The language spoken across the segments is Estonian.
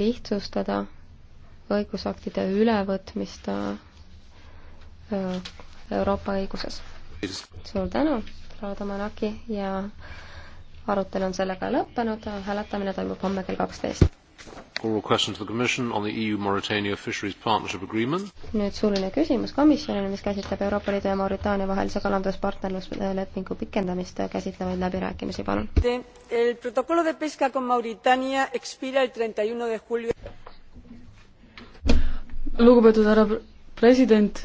lihtsustada õigusaktide ülevõtmist äh, Euroopa õiguses. suur tänu, proua Tamanaki ja arutelu on sellega lõppenud, hääletamine toimub homme kell kaksteist. Oral question to the Commission on the EU-Mauritania Fisheries Partnership Agreement. nüüd suuline küsimus komisjonile, mis käsitleb Euroopa Liidu ja Mauritaania vahelise kalanduspartnerluslepingu pikendamist käsitlevaid läbirääkimisi, palun. El protocolo de pesca con Mauritania expira el 31 de julio. lugupeetud härra president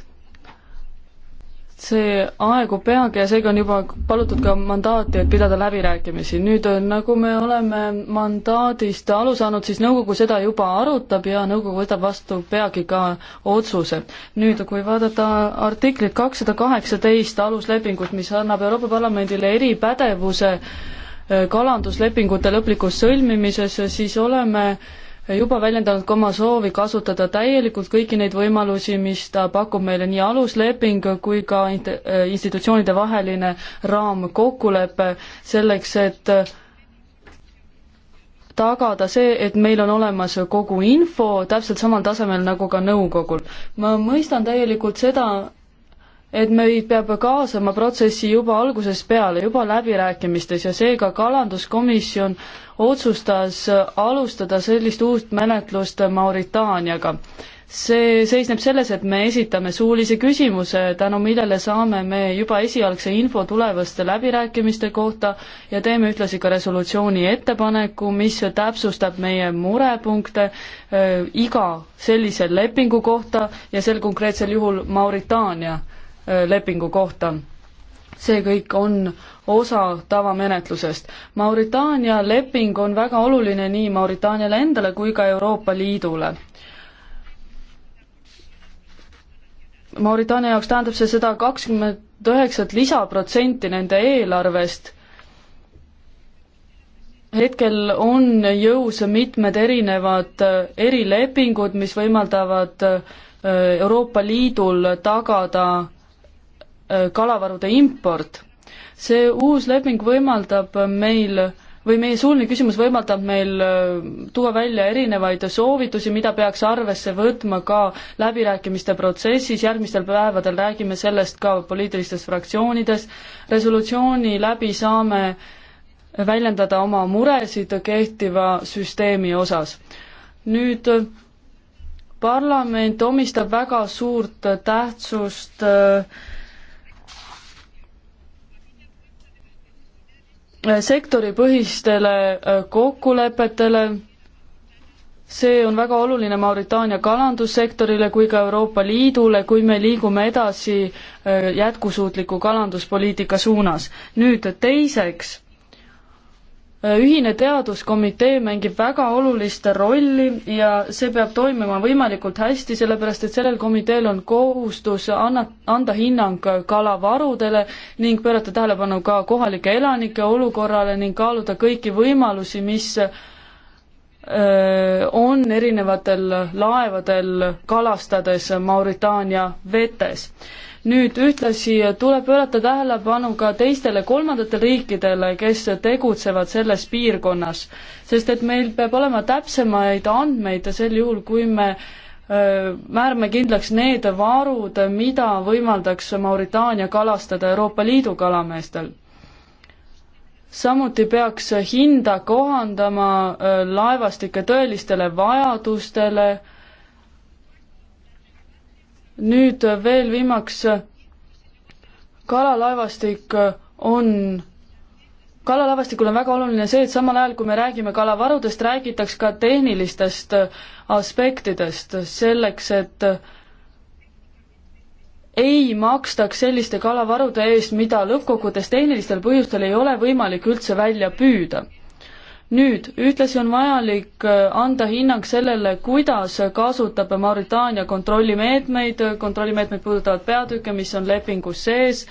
see aegub peagi ja seega on juba palutud ka mandaati, et pidada läbirääkimisi. nüüd nagu me oleme mandaadist aru saanud, siis nõukogu seda juba arutab ja nõukogu võtab vastu peagi ka otsuse. nüüd, kui vaadata artiklit kakssada kaheksateist aluslepingut, mis annab Euroopa Parlamendile eripädevuse eh, kalanduslepingute lõplikus sõlmimises, siis oleme äh, juba väljendanud ka oma soovi kasutada täielikult kõiki neid võimalusi, mis ta pakub meile, nii alusleping kui ka äh, institutsioonide vaheline raamkokkulepe selleks, et tagada see, et meil on olemas kogu info täpselt samal tasemel nagu ka nõukogul. ma mõistan täielikult seda, et meid peab kaasama protsessi juba algusest peale, juba läbirääkimistes ja seega kalanduskomisjon otsustas alustada sellist uut menetlust Mauritaaniaga. see seisneb selles, et me esitame suulise küsimuse, tänu millele saame me juba esialgse info tulevaste läbirääkimiste kohta ja teeme ühtlasi ka resolutsiooni ettepaneku, mis täpsustab meie murepunkte äh, iga sellise lepingu kohta ja sel konkreetsel juhul Mauritaania lepingu kohta. see kõik on osa tavamenetlusest. Mauritaania leping on väga oluline nii Mauritaaniale endale kui ka Euroopa Liidule Mauritaania jaoks tähendab see seda kakskümmend üheksat lisaprotsenti nende eelarvest. hetkel on jõus mitmed erinevad erilepingud, mis võimaldavad äh, Euroopa Liidul tagada Äh, kalavarude import. see uus leping võimaldab meil või meie suuline küsimus võimaldab meil äh, tuua välja erinevaid soovitusi, mida peaks arvesse võtma ka läbirääkimiste protsessis, järgmistel päevadel räägime sellest ka poliitilistes fraktsioonides, resolutsiooni läbi saame väljendada oma muresid kehtiva süsteemi osas. nüüd äh, parlament omistab väga suurt tähtsust äh, sektoripõhistele äh, kokkulepetele, see on väga oluline Mauritaania kalandussektorile kui ka Euroopa Liidule, kui me liigume edasi äh, jätkusuutliku kalanduspoliitika suunas. nüüd teiseks Äh, ühine teaduskomitee mängib väga olulist rolli ja see peab toimima võimalikult hästi, sellepärast et sellel komiteel on kohustus anna, anda hinnang kalavarudele ning pöörata tähelepanu ka kohalike elanike olukorrale ning kaaluda kõiki võimalusi, mis äh, on erinevatel laevadel kalastades Mauritaania vetes nüüd ühtlasi tuleb pöörata tähelepanu ka teistele kolmandatele riikidele, kes tegutsevad selles piirkonnas, sest et meil peab olema täpsemaid andmeid ja sel juhul, kui me öö, määrame kindlaks need varud, mida võimaldaks Mauritaania kalastada Euroopa Liidu kalameestel samuti peaks hinda kohandama laevastike tõelistele vajadustele nüüd veel viimaks, kalalaevastik on kalalaevastikul on väga oluline see, et samal ajal, kui me räägime kalavarudest, räägitaks ka tehnilistest aspektidest, selleks et ei makstaks selliste kalavarude eest, mida lõppkokkuvõttes tehnilistel põhjustel ei ole võimalik üldse välja püüda nüüd, ühtlasi on vajalik äh, anda hinnang sellele, kuidas kasutab Mauritaania kontrollimeetmeid, kontrollimeetmed puudutavad peatükke, mis on lepingus sees,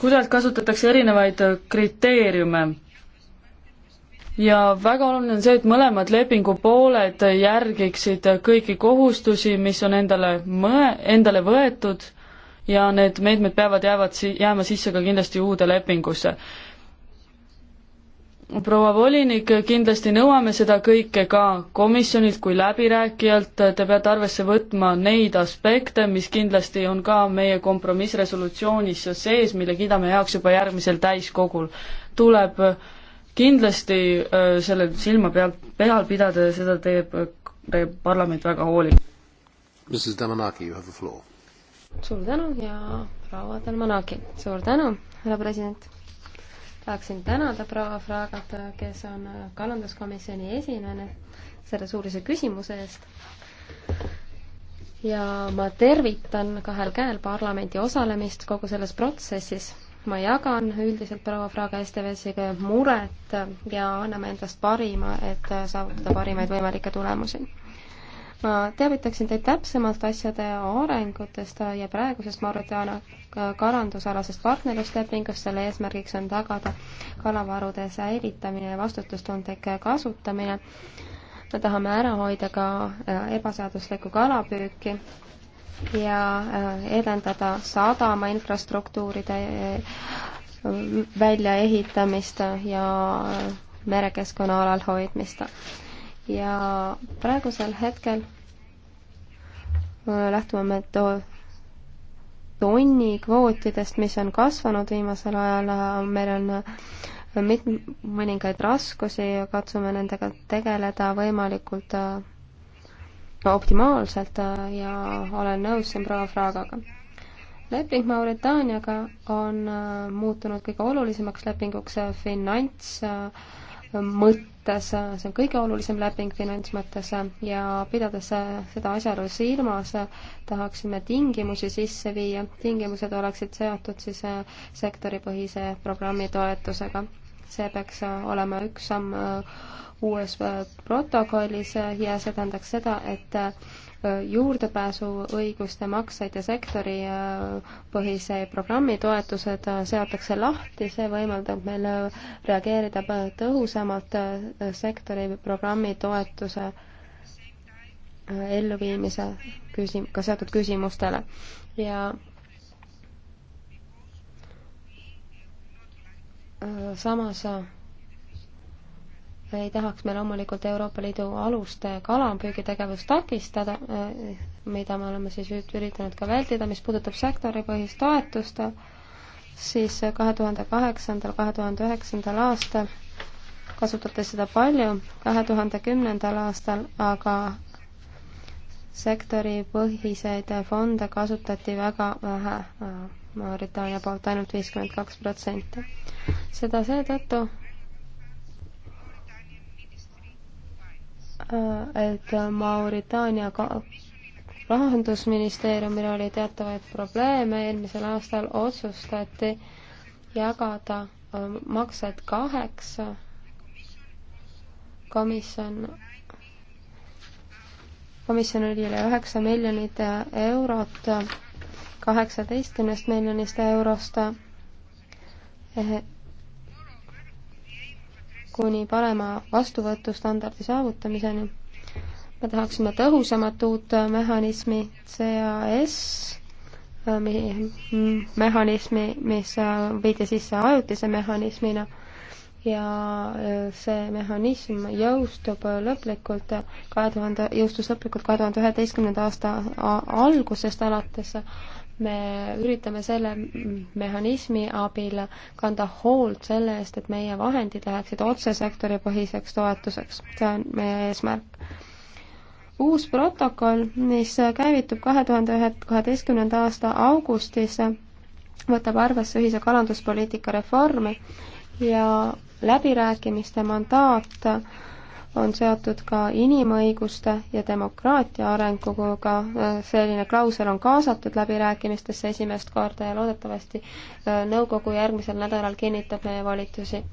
kuidas kasutatakse erinevaid kriteeriume. ja väga oluline on see, et mõlemad lepingupooled järgiksid kõiki kohustusi, mis on endale mõe-, endale võetud ja need meetmed peavad jäävad si-, jääma sisse ka kindlasti uude lepingusse. proua volinik, kindlasti nõuame seda kõike ka komisjonilt kui läbirääkijalt, te peate arvesse võtma neid aspekte, mis kindlasti on ka meie kompromissresolutsioonis sees, mille kiidame heaks juba järgmisel täiskogul. tuleb kindlasti äh, sellel silma peal, peal pidada ja seda teeb parlament väga hoolikalt. Mrs Damanaki, you have the floor suur tänu ja proua Talmanaki, suur tänu, härra president. tahaksin tänada proua Fragat, kes on kalanduskomisjoni esinejana selle suurise küsimuse eest. ja ma tervitan kahel käel parlamendi osalemist kogu selles protsessis. ma jagan üldiselt proua Fraga STV-siga muret ja anname endast parima, et saavutada parimaid võimalikke tulemusi ma teavitaksin teid täpsemalt asjade arengutest ja praegusest Mauritaania karandusalasest partnerluslepingust, selle eesmärgiks on tagada kalavarude säilitamine ja vastutustundlik kasutamine. me tahame ära hoida ka äh, ebaseaduslikku kalapüüki ja äh, edendada sadama infrastruktuuride äh, väljaehitamist ja merekeskkonna alal hoidmist ja praegusel hetkel lähtume me to-, tonnikvootidest, mis on kasvanud viimasel ajal, meil on mit-, mõningaid raskusi ja katsume nendega tegeleda võimalikult optimaalselt ja olen nõus siin proua Fraagaga. leping Mauritaaniaga on muutunud kõige olulisemaks lepinguks finants äh, mõttes, see on kõige olulisem leping finantsmõttes ja pidades seda asjaolu silmas, tahaksime tingimusi sisse viia, tingimused oleksid seotud siis sektoripõhise programmi toetusega. see peaks olema üks samm äh, uues äh, protokollis ja see tähendaks seda, et juurdepääsuõiguste makseid ja sektoripõhise programmi toetused seatakse lahti, see võimaldab meil reageerida tõhusamalt sektori programmi toetuse elluviimise küsim-, ka seotud küsimustele ja äh, samas ei tahaks me loomulikult Euroopa Liidu aluste kalapüügitegevust takistada, mida me oleme siis üritanud ka vältida, mis puudutab sektoripõhist toetust, siis kahe tuhande kaheksandal, kahe tuhande üheksandal aastal kasutati seda palju, kahe tuhande kümnendal aastal aga sektoripõhiseid fonde kasutati väga vähe, Maaritaania poolt ainult viiskümmend kaks protsenti. seda seetõttu, et Mauritaania rahandusministeeriumil oli teatavaid probleeme, eelmisel aastal otsustati jagada ähm, maksed kaheks. komisjon, komisjonil oli üheksa miljonit eurot kaheksateistkümnest miljonist eurost kuni parema vastuvõtustandardi saavutamiseni. me tahaksime tõhusamat uut mehhanismi CAS äh, mehhanismi, mis äh, viidi sisse ajutise mehhanismina ja äh, see mehhanism jõustub lõplikult kahe tuhande, jõustus lõplikult kahe tuhande üheteistkümnenda aasta algusest alates me üritame selle mehhanismi abil kanda hoolt selle eest, et meie vahendid läheksid otse sektoripõhiseks toetuseks. see on meie eesmärk. uus protokoll, mis käivitub kahe tuhande ühe, kaheteistkümnenda aasta augustis, võtab arvesse ühise kalanduspoliitika reformi ja läbirääkimiste mandaat on seotud ka inimõiguste ja demokraatia arenguga, selline klausel on kaasatud läbirääkimistesse esimest korda ja loodetavasti äh, nõukogu järgmisel nädalal kinnitab meie volitusi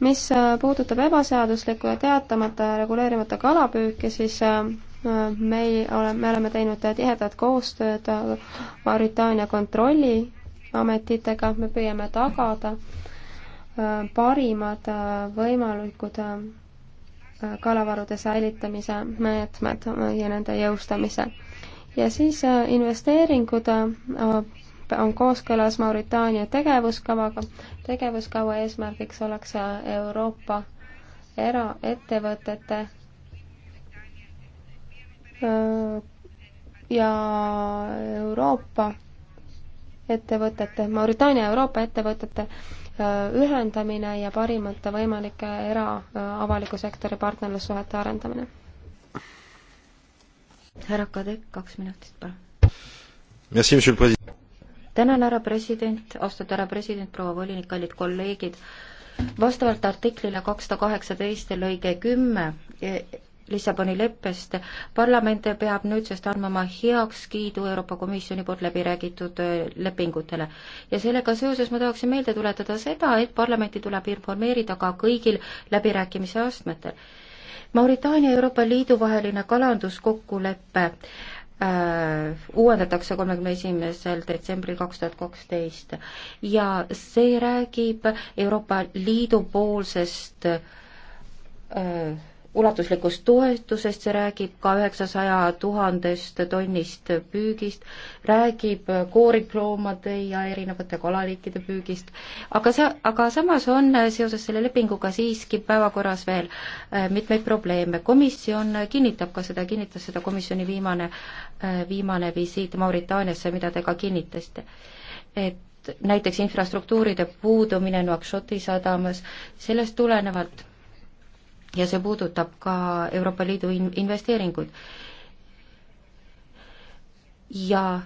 mis äh, puudutab ebaseaduslikku ja teatamata reguleerimata kalapüüki, siis äh, me ei ole, me oleme teinud tihedat koostööd Mauritaania kontrolliametitega, me püüame tagada parimad võimalikud kalavarude säilitamise meetmed ja nende jõustamise. ja siis äh, investeeringud äh, on kooskõlas Mauritaania tegevuskavaga. tegevuskava eesmärgiks oleks äh, Euroopa eraettevõtete ja Euroopa ettevõtete, Mauritaania Euroopa ettevõtete Äh, ühendamine ja parimate võimalike era-, äh, avaliku sektori partnerlussuhete arendamine. härra Kadek, kaks minutit, palun. tänan, härra president, austatud härra president, proua volinik, kallid kolleegid, vastavalt artiklile kakssada kaheksateist ja lõige kümme 10 Lissaboni leppest. parlament peab nüüdsest andma oma heakskiidu Euroopa Komisjoni poolt läbi räägitud äh, lepingutele. ja sellega seoses ma tahaksin meelde tuletada seda, et parlamenti tuleb informeerida ka kõigil läbirääkimise astmetel. Mauritaania ja Euroopa Liidu vaheline kalanduskokkulepe äh, uuendatakse kolmekümne esimesel detsembril kaks tuhat kaksteist ja see räägib Euroopa Liidu poolsest äh, ulatuslikust toetusest, see räägib ka üheksasaja tuhandest tonnist püügist, räägib koorikloomade ja erinevate kalaliikide püügist, aga sa, aga samas on seoses selle lepinguga siiski päevakorras veel äh, mitmeid probleeme. komisjon kinnitab ka seda, kinnitas seda komisjoni viimane, äh, viimane visiit Mauritaaniasse, mida te ka kinnitasite. et näiteks infrastruktuuride puudumine Nouakchoti sadamas, sellest tulenevalt ja see puudutab ka Euroopa Liidu in-, investeeringuid. ja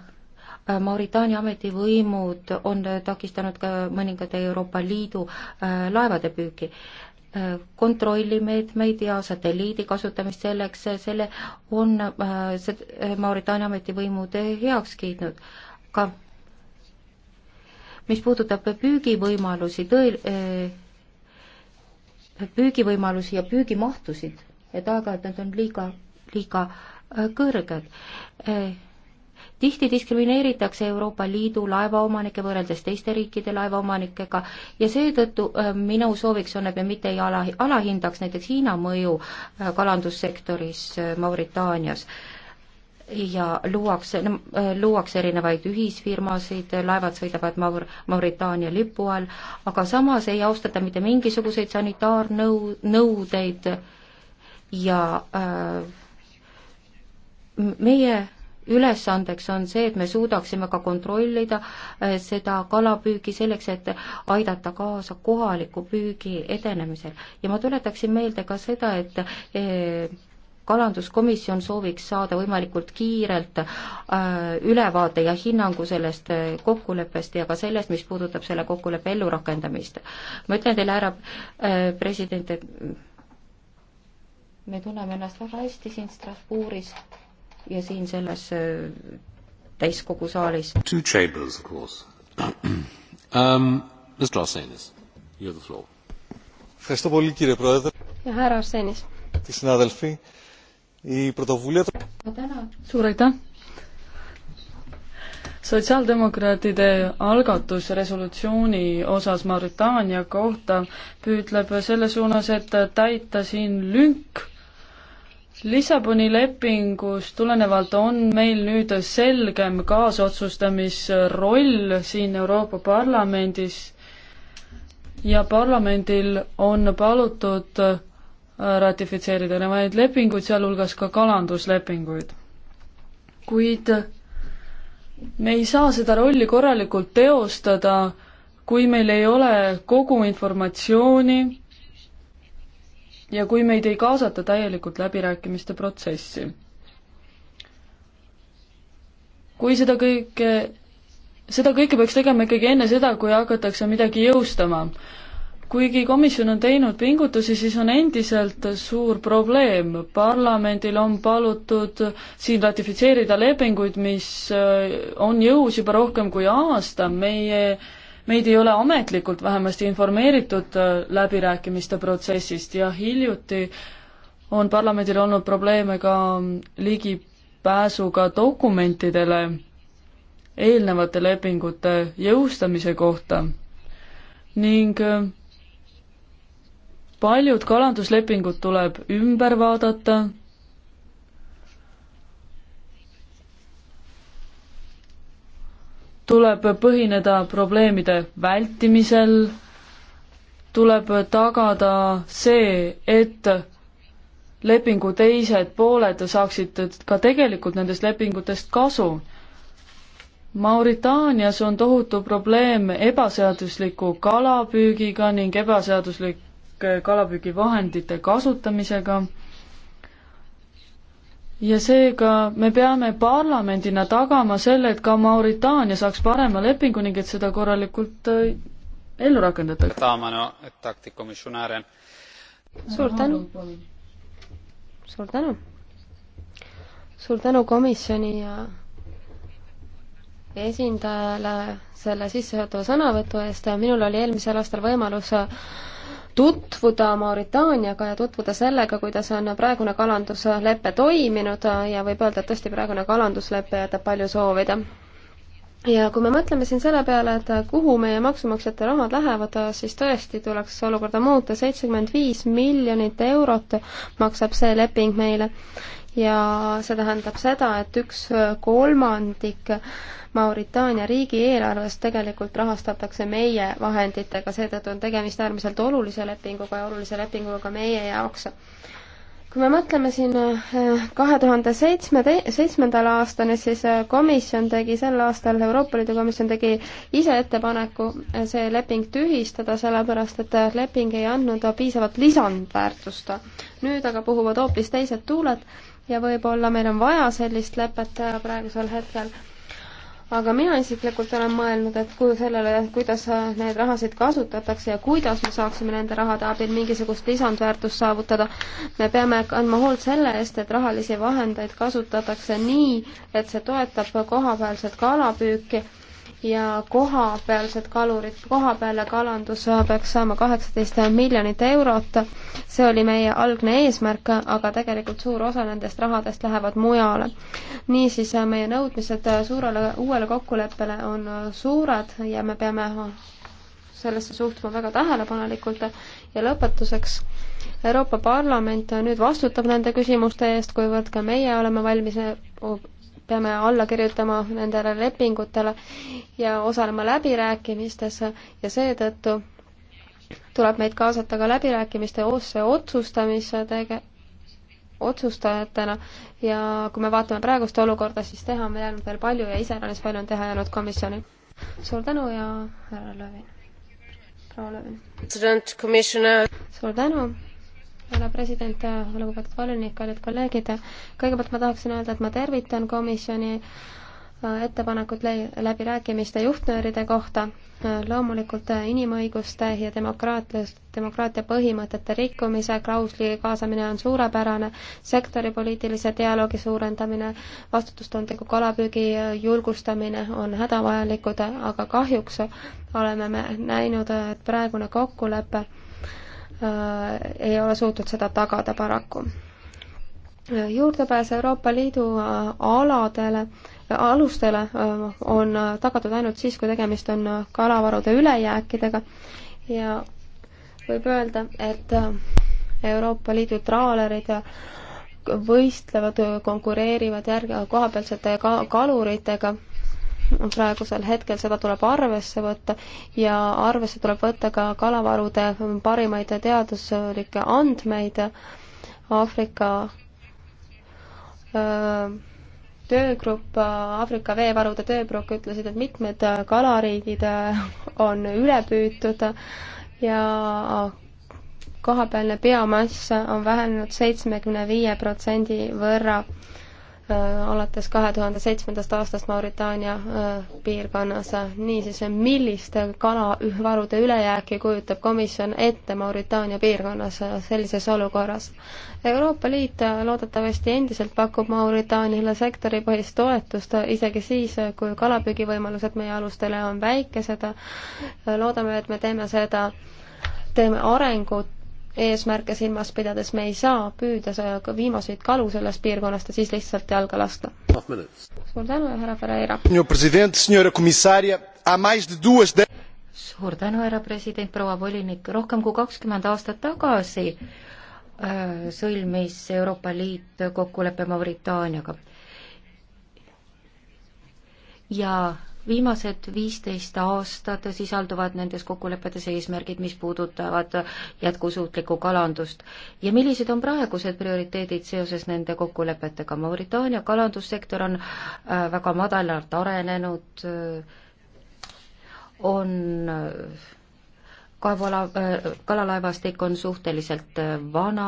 äh, Mauritaania ametivõimud on äh, takistanud ka mõningate Euroopa Liidu äh, laevade püüki kontrollimeetmeid ja satelliidi kasutamist selleks, selle on Mauritaania ametivõimud heaks kiitnud. aga mis puudutab püügivõimalusi, tõel-, püügivõimalusi ja püügimahtusid, et aeg-ajalt nad on liiga, liiga äh, kõrged. Äh, tihti diskrimineeritakse Euroopa Liidu laevaomanikke võrreldes teiste riikide laevaomanikega ja seetõttu äh, minu sooviks on, et me mitte ei ala, alahindaks näiteks Hiina mõju kalandussektoris Mauritaanias ja luuakse no,, äh, luuakse erinevaid ühisfirmasid, laevad sõidavad Maur-, Mauritaania lipu all, aga samas ei austata mitte mingisuguseid sanitaarnõu, nõudeid ja äh, meie ülesandeks on see, et me suudaksime ka kontrollida äh, seda kalapüügi selleks, et aidata kaasa kohaliku püügi edenemisel. ja ma tuletaksin meelde ka seda, et äh, kalanduskomisjon sooviks saada võimalikult kiirelt äh, ülevaate ja hinnangu sellest äh, kokkuleppest ja ka sellest, mis puudutab selle kokkuleppe ellurakendamist. ma ütlen teile, härra äh, president, et me tunneme ennast väga hästi siin Strasbourgis ja siin selles täiskogu saalis. Two chambers of course um,. Mr Arsenis, you have the floor. härra Arsenis suur aitäh! sotsiaaldemokraatide algatus resolutsiooni osas Mauritaania kohta püüdleb selle suunas, et täita siin lünk. Lissaboni lepingust tulenevalt on meil nüüd selgem kaasotsustamisroll siin Euroopa Parlamendis ja parlamendil on palutud ratifitseerida erinevaid lepinguid, sealhulgas ka kalanduslepinguid. kuid me ei saa seda rolli korralikult teostada, kui meil ei ole kogu informatsiooni ja kui meid ei kaasata täielikult läbirääkimiste protsessi. kui seda kõike, seda kõike peaks tegema ikkagi enne seda, kui hakatakse midagi jõustama kuigi komisjon on teinud pingutusi, siis on endiselt suur probleem. parlamendil on palutud siin ratifitseerida lepinguid, mis äh, on jõus juba rohkem kui aasta. meie, meid ei ole ametlikult vähemasti informeeritud äh, läbirääkimiste protsessist ja hiljuti on parlamendil olnud probleeme ka ligipääsuga dokumentidele eelnevate lepingute jõustamise kohta ning äh, paljud kalanduslepingud tuleb ümber vaadata. tuleb põhineda probleemide vältimisel, tuleb tagada see, et lepingu teised pooled saaksid ka tegelikult nendest lepingutest kasu. Mauritaanias on tohutu probleem ebaseadusliku kalapüügiga ning ebaseaduslik kalapüügivahendite kasutamisega. ja seega me peame parlamendina tagama selle, et ka Mauritaania saaks parema lepingu ning et seda korralikult äh, ellu rakendatakse. suur tänu. suur tänu. suur tänu komisjoni ja esindajale selle sissejuhatava sõnavõtu eest. minul oli eelmisel aastal võimalus tutvuda Mauritaaniaga ja tutvuda sellega, kuidas on praegune kalanduslepe toiminud ja võib öelda, et tõesti praegune kalanduslepe jätab palju soovida. ja kui me mõtleme siin selle peale, et kuhu meie maksumaksjate rahad lähevad, siis tõesti tuleks olukorda muuta, seitsekümmend viis miljonit eurot maksab see leping meile ja see tähendab seda, et üks kolmandik Mauritaania riigieelarvest tegelikult rahastatakse meie vahenditega, seetõttu on tegemist äärmiselt olulise lepinguga ja olulise lepinguga ka meie jaoks. kui me mõtleme siin äh, kahe tuhande seitsme, seitsmendale aastani, siis äh, komisjon tegi sel aastal, Euroopa Liidu komisjon tegi ise ettepaneku äh, see leping tühistada, sellepärast et leping ei andnud piisavat lisandväärtust. nüüd aga puhuvad hoopis teised tuuled ja võib-olla meil on vaja sellist lepet praegusel hetkel aga mina isiklikult olen mõelnud, et kui sellele, kuidas need rahasid kasutatakse ja kuidas me saaksime nende rahade abil mingisugust lisandväärtust saavutada, me peame andma hoolt selle eest, et rahalisi vahendeid kasutatakse nii, et see toetab kohapealset kalapüüki ja kohapealsed kalurid, kohapealne kalandus peaks saama kaheksateist miljonit eurot see oli meie algne eesmärk, aga tegelikult suur osa nendest rahadest lähevad mujale. niisiis, meie nõudmised suurele uuele kokkuleppele on suured ja me peame sellesse suhtuma väga tähelepanelikult ja lõpetuseks Euroopa Parlament nüüd vastutab nende küsimuste eest, kuivõrd ka meie oleme valmis, peame alla kirjutama nendele lepingutele ja osalema läbirääkimistes ja seetõttu tuleb meid kaasata ka läbirääkimiste osse otsustamise tege-, otsustajatena ja kui me vaatame praegust olukorda, siis teha on meil jäänud veel palju ja iseäranis palju on teha jäänud komisjonil. suur tänu ja härra Lövin. proua Lövin. suur tänu, härra president, lugupeetud volinik, kallid kolleegid. kõigepealt ma tahaksin öelda, et ma tervitan komisjoni äh, ettepanekud läbirääkimiste juhtnööride kohta. loomulikult inimõiguste ja demokraatia, demokraatia põhimõtete rikkumise klausli kaasamine on suurepärane, sektori poliitilise dialoogi suurendamine, vastutustundliku kalapüügi julgustamine on hädavajalikud, aga kahjuks oleme me näinud, et praegune kokkulepe äh, ei ole suutnud seda tagada paraku juurdepääs Euroopa Liidu äh, aladele, alustele äh, on äh, tagatud ainult siis, kui tegemist on kalavarude ülejääkidega ja võib öelda, et Euroopa Liidu traalerid võistlevad, konkureerivad järg-, kohapealsete ka-, kaluritega, praegusel hetkel seda tuleb arvesse võtta ja arvesse tuleb võtta ka kalavarude parimaid teaduslikke andmeid Aafrika töögrupp, äh, Aafrika veevarude töögrupp ütlesid, et mitmed äh, kalariigid äh, on üle püütud ja kohapealne biomass on vähenenud seitsmekümne viie protsendi võrra Äh, alates kahe tuhande seitsmendast aastast Mauritaania äh, piirkonnas. niisiis, milliste kalavarude ülejääki kujutab komisjon ette Mauritaania piirkonnas äh, sellises olukorras? Euroopa Liit loodetavasti endiselt pakub Mauritaaniale sektoripõhist toetust, isegi siis, kui kalapüügivõimalused meie alustele on väikesed. loodame, et me teeme seda teeme arengut eesmärke silmas pidades me ei saa püüda ka viimaseid kalu sellest piirkonnast ja siis lihtsalt jalga lasta. suur tänu ja härra Ferreira. suur tänu, härra president, proua volinik, rohkem kui kakskümmend aastat tagasi äh, sõlmis Euroopa Liit kokkuleppe Mauritaaniaga. ja viimased viisteist aastat sisalduvad nendes kokkulepetes eesmärgid, mis puudutavad jätkusuutlikku kalandust. ja millised on praegused prioriteedid seoses nende kokkulepetega? Mauritaania kalandussektor on äh, väga madalalt arenenud, äh, on äh, kaevula-, äh, kalalaevastik on suhteliselt äh, vana,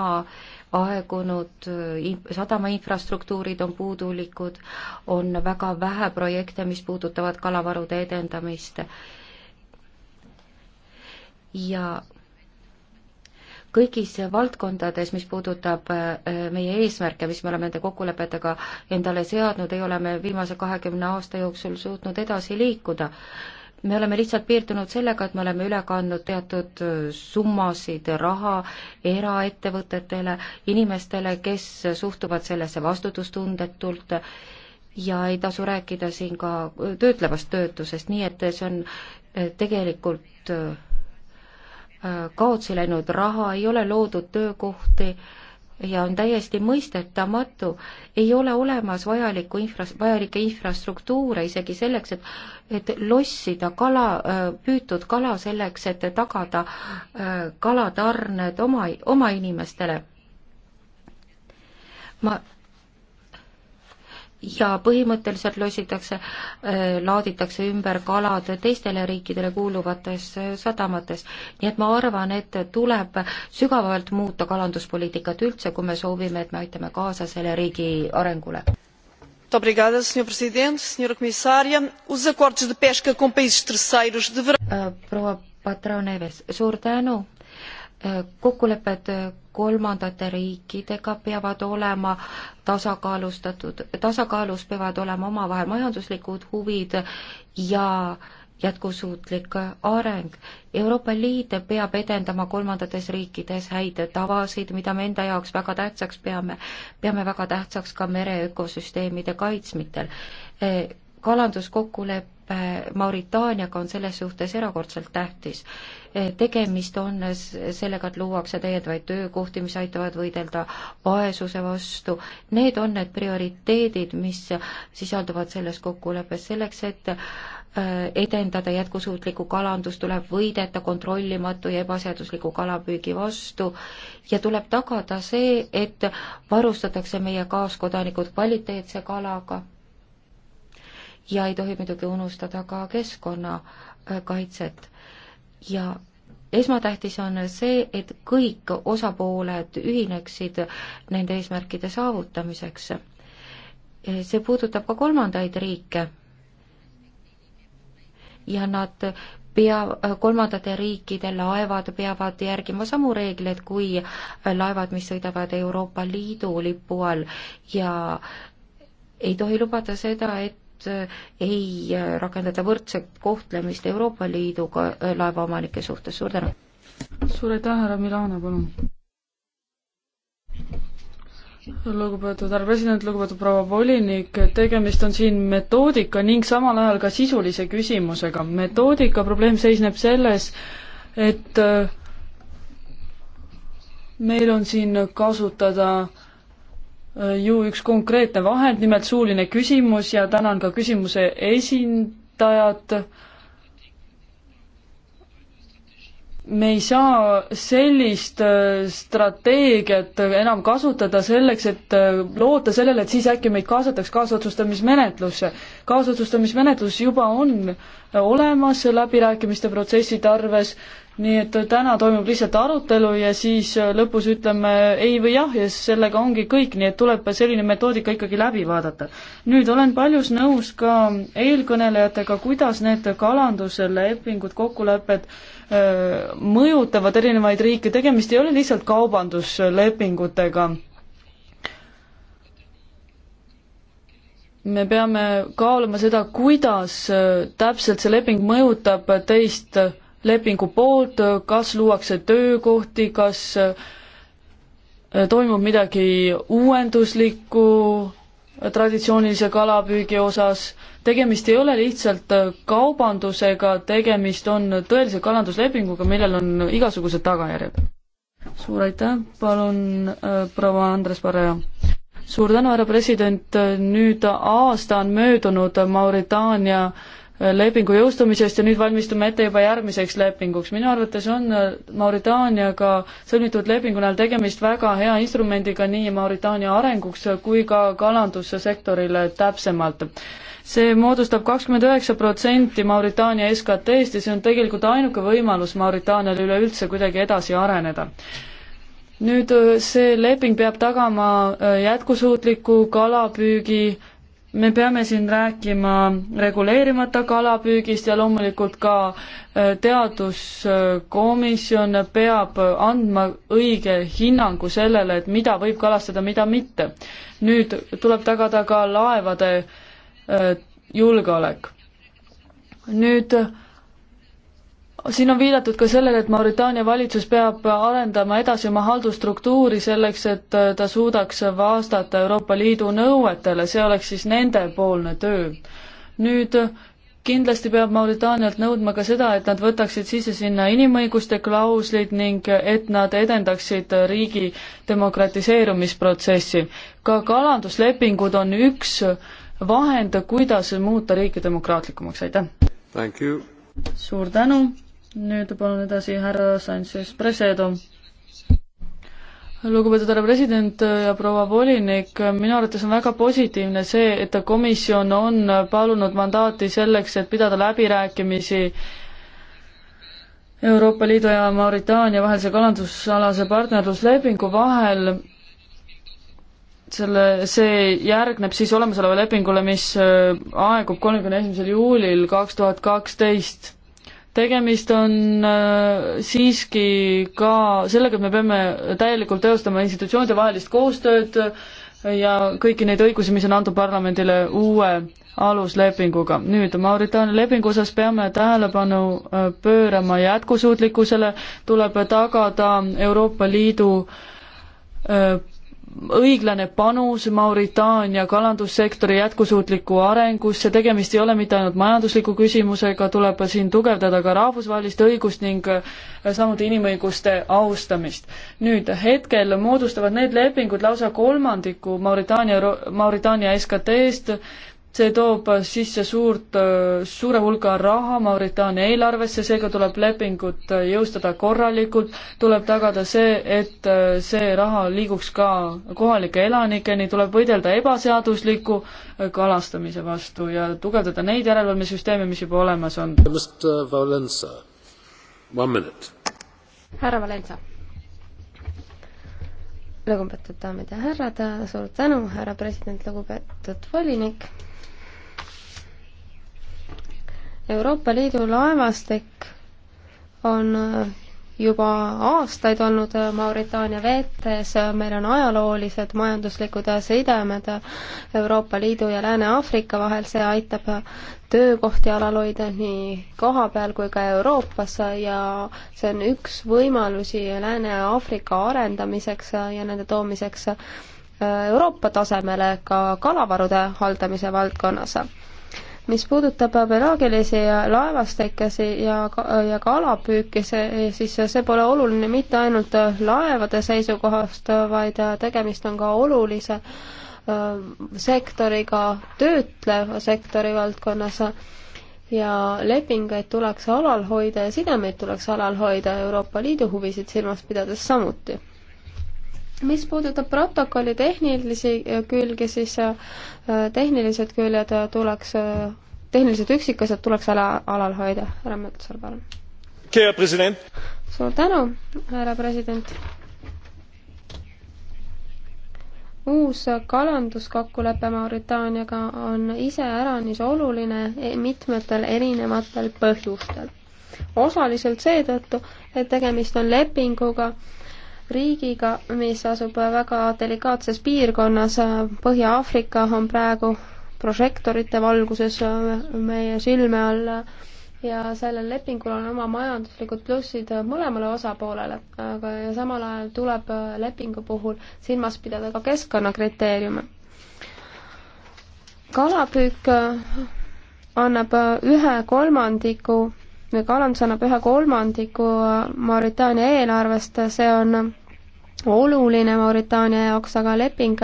aegunud, äh, sadama infrastruktuurid on puudulikud, on väga vähe projekte, mis puudutavad kalavarude edendamist. ja kõigis valdkondades, mis puudutab meie eesmärke, mis me oleme nende kokkulepetega endale seadnud, ei ole me viimase kahekümne aasta jooksul suutnud edasi liikuda me oleme lihtsalt piirdunud sellega, et me oleme üle kandnud teatud äh, summasid raha eraettevõtetele, inimestele, kes suhtuvad sellesse vastutustundetult ja ei tasu rääkida siin ka äh, töötlevast töötusest, nii et see on äh, tegelikult kaotsi läinud raha, ei ole loodud töökohti ja on täiesti mõistetamatu, ei ole olemas vajalikku infra, vajalikke infrastruktuure isegi selleks, et, et lossida kala, äh, püütud kala selleks, et tagada äh, kalatarned oma, oma inimestele. ma ja põhimõtteliselt lositakse, äh, laaditakse ümber kalad teistele riikidele kuuluvates äh, sadamates. nii et ma arvan, et tuleb sügavalt muuta kalanduspoliitikat üldse, kui me soovime, et me aitame kaasa selle riigi arengule. Obrigada, senhor presidente, senhora comissária. Os acordos de pesca com países terceiros deverão. Äh, proua Patroneves, suur tänu kokkulepped kolmandate riikidega peavad olema tasakaalustatud, tasakaalus peavad olema omavahel majanduslikud huvid ja jätkusuutlik areng. Euroopa Liit peab edendama kolmandates riikides häid tavasid, mida me enda jaoks väga tähtsaks peame. peame väga tähtsaks ka mereökosüsteemide kaitsmitel. kalanduskokkulepe kokkulepe äh, Mauritaaniaga on selles suhtes erakordselt tähtis. Äh, tegemist on sellega, et luuakse täiendavaid töökohti, mis aitavad võidelda vaesuse vastu. Need on need prioriteedid, mis sisalduvad selles kokkuleppes selleks, et äh, edendada jätkusuutlikku kalandust, tuleb võideta kontrollimatu ja ebaseadusliku kalapüügi vastu ja tuleb tagada see, et varustatakse meie kaaskodanikud kvaliteetse kalaga ja ei tohi muidugi unustada ka keskkonnakaitset. ja esmatähtis on see, et kõik osapooled ühineksid nende eesmärkide saavutamiseks. see puudutab ka kolmandaid riike. ja nad pea, kolmandate riikide laevad peavad järgima samu reegleid kui laevad, mis sõidavad Euroopa Liidu lipu all ja ei tohi lubada seda, et et äh, ei äh, rakendata võrdset kohtlemist Euroopa Liidu äh, laevaomanike suhtes, suur tänu! suur aitäh, härra Milano, palun! lugupeetud härra president, lugupeetud proua volinik, tegemist on siin metoodika ning samal ajal ka sisulise küsimusega. metoodika probleem seisneb selles, et meil on siin kasutada äh, Äh, ju üks konkreetne vahend, nimelt suuline küsimus ja tänan ka küsimuse esindajat. me ei saa sellist äh, strateegiat enam kasutada selleks, et äh, loota sellele, et siis äkki meid kaasataks kaasotsustamismenetlusse. kaasotsustamismenetlus juba on olemas läbirääkimiste protsessi tarves nii et täna toimub lihtsalt arutelu ja siis lõpus ütleme ei või jah ja sellega ongi kõik, nii et tuleb selline metoodika ikkagi läbi vaadata. nüüd olen paljus nõus ka eelkõnelejatega, kuidas need kalanduslepingud, kokkulepped mõjutavad erinevaid riike, tegemist ei ole lihtsalt kaubanduslepingutega me peame kaaluma seda, kuidas täpselt see leping mõjutab teist lepingu poolt, kas luuakse töökohti, kas äh, toimub midagi uuenduslikku traditsioonilise kalapüügi osas, tegemist ei ole lihtsalt äh, kaubandusega, tegemist on tõelise kalanduslepinguga, millel on igasugused tagajärjed. suur aitäh, palun äh, proua Andres Pareja. suur tänu, härra president, nüüd aasta on möödunud Mauritaania äh, lepingu jõustumisest ja nüüd valmistume ette juba järgmiseks lepinguks. minu arvates on äh, Mauritaaniaga sõlmitud lepingu näol tegemist väga hea instrumendiga nii Mauritaania arenguks kui ka kalandussektorile täpsemalt. see moodustab kakskümmend üheksa protsenti Mauritaania SKT-st ja see on tegelikult ainuke võimalus Mauritaanial üleüldse kuidagi edasi areneda nüüd äh, see leping peab tagama äh, jätkusuutliku kalapüügi me peame siin rääkima reguleerimata kalapüügist ja loomulikult ka äh, teaduskomisjon peab andma õige hinnangu sellele, et mida võib kalastada, mida mitte. nüüd tuleb tagada ka laevade äh, julgeolek. nüüd äh, siin on viidatud ka sellele, et Mauritaania valitsus peab arendama edasi oma haldusstruktuuri selleks, et äh, ta suudaks vastata Euroopa Liidu nõuetele, see oleks siis nendepoolne töö. nüüd kindlasti peab Mauritaanialt nõudma ka seda, et nad võtaksid sisse sinna inimõiguste klauslid ning et nad edendaksid riigi demokratiseerumisprotsessi. ka kalanduslepingud on üks vahend, kuidas muuta riiki demokraatlikumaks, aitäh! suur tänu! nüüd palun edasi härra Sanchez Presedo. lugupeetud härra president ja proua volinik, minu arvates on väga positiivne see, et komisjon on palunud mandaati selleks, et pidada läbirääkimisi Euroopa Liidu ja Mauritaania vahelise kalandusalase partnerluslepingu vahel selle, see järgneb siis olemasoleva lepingule, mis äh, aegub kolmekümne esimesel juulil kaks tuhat kaksteist tegemist on äh, siiski ka sellega, et me peame täielikult teostama institutsioonide vahelist koostööd ja kõiki neid õigusi, mis on antud parlamendile uue aluslepinguga. nüüd Mauritaania lepingu osas peame tähelepanu äh, pöörama jätkusuutlikkusele, tuleb tagada Euroopa Liidu äh, õiglane panus Mauritaania kalandussektori jätkusuutlikku arengusse, tegemist ei ole mitte ainult majandusliku küsimusega, tuleb siin tugevdada ka rahvusvahelist õigust ning äh, samuti inimõiguste austamist. nüüd hetkel moodustavad need lepingud lausa kolmandiku Mauritaania, Mauritaania SKT-st see toob sisse suurt, suure hulga raha Mauritaania eelarvesse, seega tuleb lepingut jõustada korralikult, tuleb tagada see, et see raha liiguks ka kohalike elanikeni, tuleb võidelda ebaseadusliku kalastamise vastu ja tugevdada neid järelevalvesüsteeme, mis juba olemas on. härra Valensa. lugupeetud daamid ja härrad, suur tänu, härra president, lugupeetud volinik Euroopa Liidu laevastik on äh, juba aastaid olnud äh, Mauritaania vetes, meil on ajaloolised majanduslikud sidemed Euroopa Liidu ja Lääne-Aafrika vahel, see aitab töökohti alal hoida nii kohapeal kui ka Euroopas ja see on üks võimalusi Lääne-Aafrika arendamiseks ja nende toomiseks äh, Euroopa tasemele ka kalavarude haldamise valdkonnas mis puudutab pelaagilisi ja laevastekesi ja, ja kalapüüki, see, siis see pole oluline mitte ainult laevade seisukohast, vaid tegemist on ka olulise sektoriga, töötleva sektori valdkonnas ja lepinguid tuleks alal hoida ja sidemeid tuleks alal hoida Euroopa Liidu huvisid silmas pidades samuti mis puudutab protokolli tehnilisi külgi, siis äh, tehnilised küljed äh, tuleks, äh, tehnilised üksikasjad tuleks ala, alal hoida. härra Möltsar, palun. suur tänu, härra president. uus kalanduskokkulepe Mauritaaniaga on iseäranis oluline e, mitmetel erinevatel põhjustel. osaliselt seetõttu, et tegemist on lepinguga, riigiga, mis asub väga delikaatses piirkonnas, Põhja-Aafrika on praegu prožektorite valguses meie silme all ja sellel lepingul on oma majanduslikud plussid mõlemale osapoolele, aga samal ajal tuleb lepingu puhul silmas pidada ka keskkonnakriteeriume. kalapüük annab ühe kolmandiku kalandus annab ühe kolmandiku Mauritaania eelarvest, see on oluline Mauritaania jaoks, aga leping,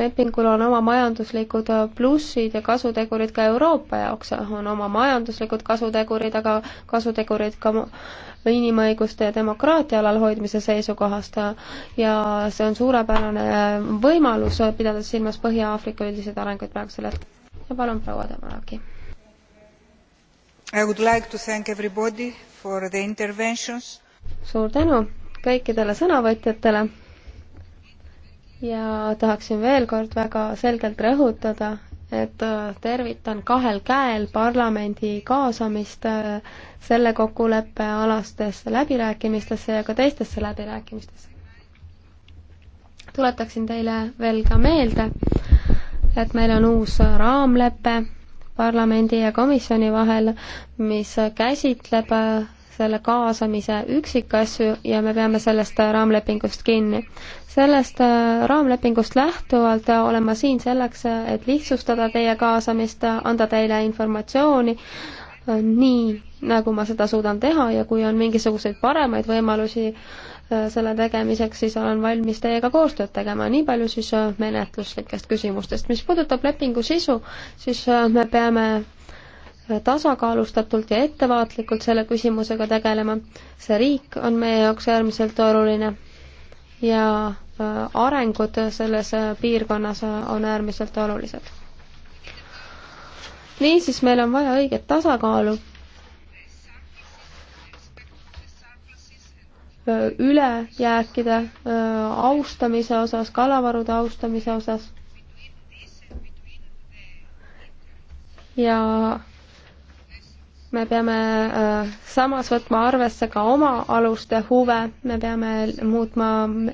lepingul on oma majanduslikud plussid ja kasutegurid ka Euroopa jaoks, on oma majanduslikud kasutegurid, aga kasutegurid ka inimõiguste ja demokraatia alalhoidmise seisukohast ja see on suurepärane võimalus, pidades silmas Põhja-Aafrika üldiseid arenguid praegusel hetkel. ja palun, proua Demaraki Like suur tänu kõikidele sõnavõtjatele ja tahaksin veel kord väga selgelt rõhutada, et äh, tervitan kahel käel parlamendi kaasamist äh, selle kokkuleppe alastesse läbirääkimistesse ja ka teistesse läbirääkimistesse. tuletaksin teile veel ka meelde, et meil on uus raamlepe parlamendi ja komisjoni vahel, mis käsitleb äh, selle kaasamise üksikasju ja me peame sellest äh, raamlepingust kinni. sellest äh, raamlepingust lähtuvalt olen ma siin selleks, et lihtsustada teie kaasamist, anda teile informatsiooni, nii nagu ma seda suudan teha ja kui on mingisuguseid paremaid võimalusi Äh, selle tegemiseks, siis olen valmis teiega koostööd tegema, nii palju siis äh, menetluslikest küsimustest. mis puudutab lepingu sisu, siis äh, me peame tasakaalustatult ja ettevaatlikult selle küsimusega tegelema. see riik on meie jaoks äärmiselt oluline ja arengud selles piirkonnas on äärmiselt olulised. niisiis, meil on vaja õiget tasakaalu Äh, ülejääkide äh, austamise osas, kalavarude austamise osas. ja me peame äh, samas võtma arvesse ka oma aluste huve, me peame muutma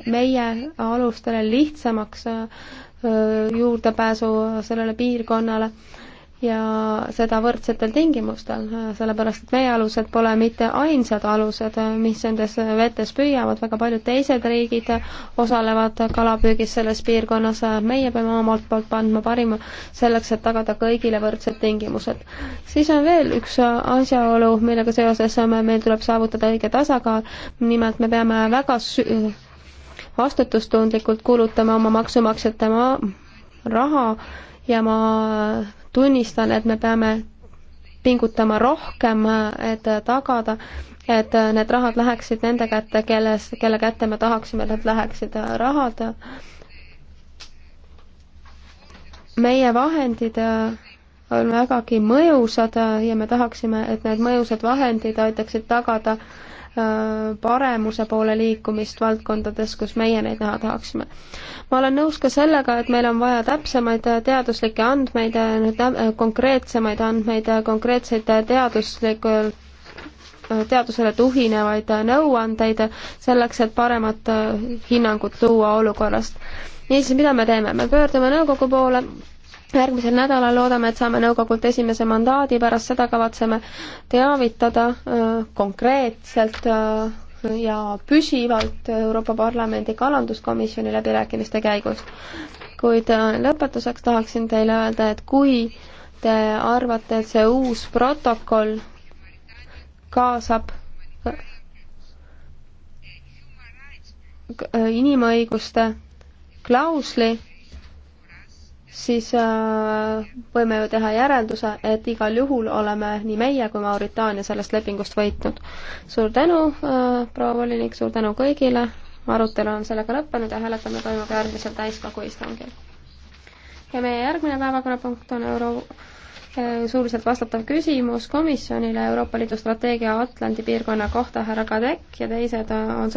meie alustele lihtsamaks juurdepääsu sellele piirkonnale ja seda võrdsetel tingimustel, sellepärast et meie alused pole mitte ainsad alused, mis nendes vetes püüavad, väga paljud teised riigid osalevad kalapüügis selles piirkonnas, meie peame omalt poolt andma parima selleks, et tagada kõigile võrdsed tingimused. siis on veel üks asjaolu, millega seoses me, meil tuleb saavutada õige tasakaal, nimelt me peame väga sü-, vastutustundlikult kulutama oma maksumaksjate ma-, raha ja ma tunnistan, et me peame pingutama rohkem, et tagada, et need rahad läheksid nende kätte, kelles, kelle kätte me tahaksime, et need läheksid rahad. meie vahendid on vägagi mõjusad ja me tahaksime, et need mõjusad vahendid aitaksid tagada Äh, paremuse poole liikumist valdkondades, kus meie neid näha tahaksime. ma olen nõus ka sellega, et meil on vaja täpsemaid teaduslikke andmeid, konkreetsemaid andmeid, konkreetseid teaduslikke teadusele tuhinevaid nõuandeid selleks, et paremat hinnangut luua olukorrast. niisiis, mida me teeme? me pöördume nõukogu poole järgmisel nädalal loodame, et saame nõukogult esimese mandaadi, pärast seda kavatseme teavitada äh, konkreetselt äh, ja püsivalt Euroopa Parlamendi kalanduskomisjoni läbirääkimiste käigus. kuid äh, lõpetuseks tahaksin teile öelda, et kui te arvate, et see uus protokoll kaasab inimõiguste klausli, siis äh, võime ju teha järelduse, et igal juhul oleme nii meie kui Mauritaania sellest lepingust võitnud. suur tänu, äh, proua volinik, suur tänu kõigile, arutelu on sellega lõppenud ja hääletamine toimub järgmisel täiskogu istungil. ja meie järgmine päevakorrapunkt on euro äh, suuliselt vastatav küsimus komisjonile Euroopa Liidu strateegia Atlandi piirkonna kohta, härra Kadek ja teised on